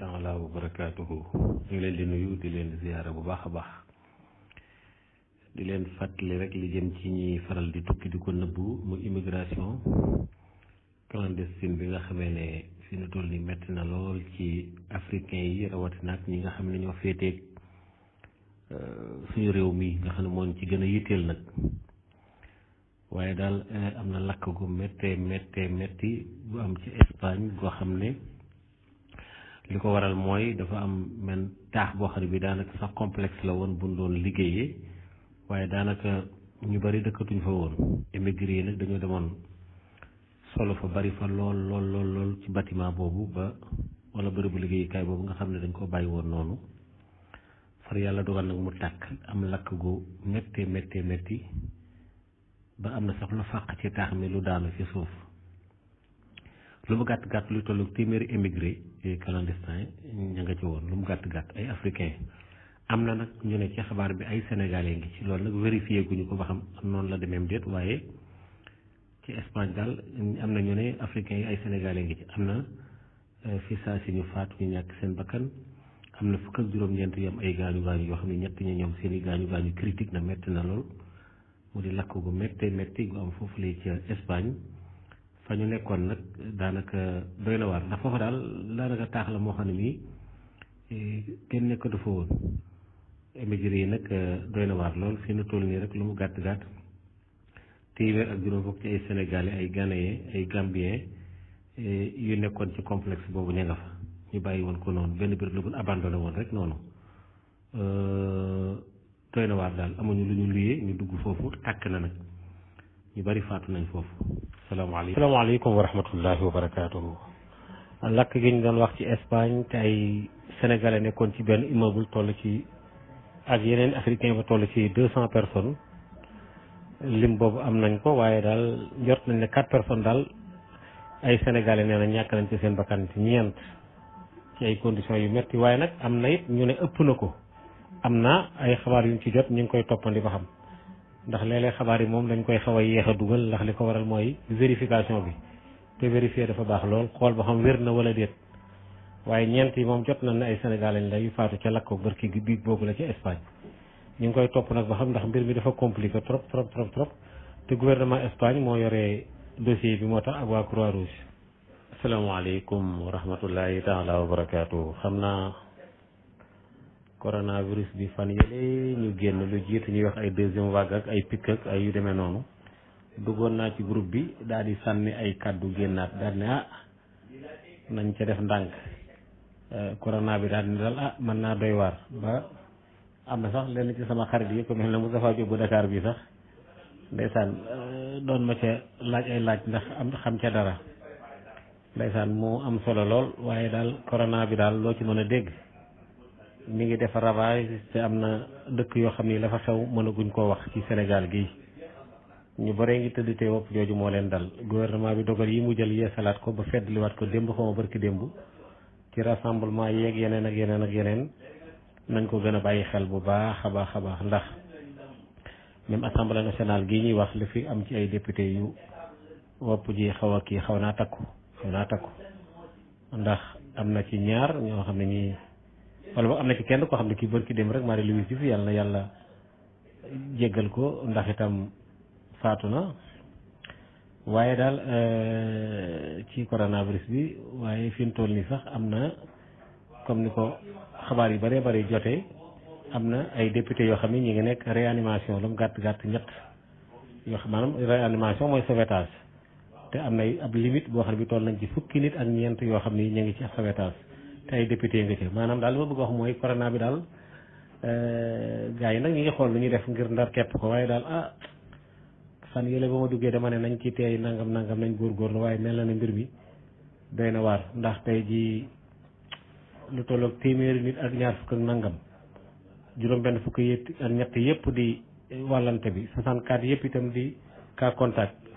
taala wa barakaatuhu ñu ngi leen di nuyu di leen ziyaara bu baax a baax di leen fàttali rek li jëm ci ñuy faral di tukki di ko nëbbu mu immigration clandestine bi nga xamee ne fi ñu toll ni metti na lool ci africain yi rawatina ak ñi nga xam ne ñoo féeteeg euh, suñu réew mi nga xam ne moom ci gën a yitteel nag waaye daal euh, am na lakk gu méttee méttee métti bu am ci Espagne goo xam ne li ko waral mooy dafa am men taax boo xam ne bi daanaka sax complexe la woon buñ doon liggéeyee waaye daanaka ñu bari dëkkatuñ fa woon émigré yi nag dañoo demoon solo fa bari fa lool lool lool ci bâtiment boobu ba wala bërëbu liggéeykaay boobu nga xam ne dañ ko bàyyi woon noonu far yàlla dogal nag mu tàkk am lakk gu méttee méttee métti ba am na sax lu fàq ci taax mi lu daanu ci suuf lu mu gàtt gàtt lu tollu téeméeri émigré clandestin ña nga ci woon lu mu gàtt gàtt ay africain am na nag ñu ne ci xabaar bi ay sénégalais ngi ci loolu nag vérifié ñu ko ba xam noonu la demeem déet waaye ci Espagne daal am na ñu ne africain yi ay sénégalais ngi ci am na euh, fi saa si ñu faatu ñu ñàkk seen bakkan am na fukk ak juróom-ñeent yam am ay gaañu gaañu yoo xam ne ñett ñi ñoom seen i gaañu gaañu critique na metti na lool mu di lakk gu méttee am foofu lay ci fa ñu nekkoon nag daanaka doy na waar ndax foofa daal daanaka taax la moo xam ne nii e, kenn nekkatu fa woon émigré yi nag e, doy na waar lool fi nu toll nii rek lu mu gàtt gàtt téeméer ak juróom fukk ci ay sénégalais ay ghanéens ay gambiens e, yu nekkoon ci complex boobu ña nga fa ñu bàyyi woon ko noonu benn biir la bu abandonné woon rek noonu doy na waar daal amuñu lu ñu luyee ñu dugg foofu tàkk na nag. ñu bari faatu nañ foofu. salaamaaleykum salaamaaleykum wa rahmatullahi wa barakaatuhu. lakk gi doon wax ci Espagne ay sénégalais nekkoon ci benn immeuble toll ci ak yeneen africain ba toll ci deux cent personnes lim boobu am nañ ko waaye daal jot nañ ne quatre personnes daal ay sénégalais nee na ñàkk nañ ci seen bakkan ci ñeent ci ay conditions yu metti waaye nag am na it ñu ne ëpp na ko am na ay xabaar yuñ ci jot ñu ngi koy toppandi ba xam. ndax léeg-léeg xabaar yi moom dañ koy xaw a yéex a dugal ndax li ko waral mooy vérification bi te vérifier dafa baax lool xool boo xam wér na wala déet waaye ñeent yi moom jot na ne ay Sénégal la yu faatu ca lakko bërki gi biig boobu la ca Espagne ñu ngi koy topp nag boo xam ndax mbir mi dafa compliqué trop trop trop trop te gouvernement Espagne moo yore dossier bi moo tax ak waa Croix-Rouge asalaamaaleykum wa rahmatullahi taala wa barakaatu xam naa coronavirus bi fan yële ñu génn lu jiitu ñuy wax ay deuxième vague ay pic ay yu demee noonu duggoon naa ci groupe bi daal di sànni ay kàddu génnaat daal ne ah nañ ca def ndànk euh, corona bi daal di ah mën naa doy waar ba am na sax lenn ci sama xarit yi ko mel ne Moustapha Diop bu Dakar bi sax ndeysaan euh, doon ma ca laaj ay laaj ndax am xam ca dara ndeysaan mu am solo lool waaye daal corona bi daal loo ci mën a dégg. mi ngi def ravage am na dëkk yoo xam ni la fa xew mënaguñ koo wax ci Sénégal gi ñu bare ngi tëdd te wopp jooju moo leen dal gouvernement bi dogal yi mu jël yeesalaat ko ba feddliwaat ko démb xaw ma barki démb ci rassemblement yeeg yeneen ak yeneen ak yeneen nañ ko gën a bàyyi xel bu baax a baax a baax ndax même assemblée nationale gii ñuy wax li fi am ci ay député yu wopp ji xaw a kii xaw naa takku xaw naa takku ndax am na ci ñaar ñoo xam ne ñii wala boo am na ci kenn koo xam ne kii bërki dem rek Marie Louise Diouf yàlla na yàlla jéggal ko ndax itam faatu na waaye daal euh, ci coronavirus bi waaye fi mu toll nii sax am na comme ni ko xabaar yu bëree bëri jotee am na ay député yoo xam ne ñu ngi nekk réanimation la mu gàtt gàtt ñett yoo xam maanaam réanimation mooy sauvetage te am na ab limite boo xam ne bi toll nañ ci fukki nit ak ñeent yoo xam ne ñu ngi ci ab te ay député nga ca maanaam daal li ma bëgg wax mooy corona bi daal euh, gars yi nag ñu ngi xool lu ñuy def ngir ndar kepp ko waaye daal ah fan yële ba ma duggee dama ne nañ ci teey nangam nangam nañ góorgóorlu waaye mel na ne mbir bi doy na waar ndax tey jii lu tolloog téeméeri nit ak ñaar fukk ak nangam juróom benn fukk yëpp ak ñett yëpp di wàllante bi 64 yëpp itam di cas contact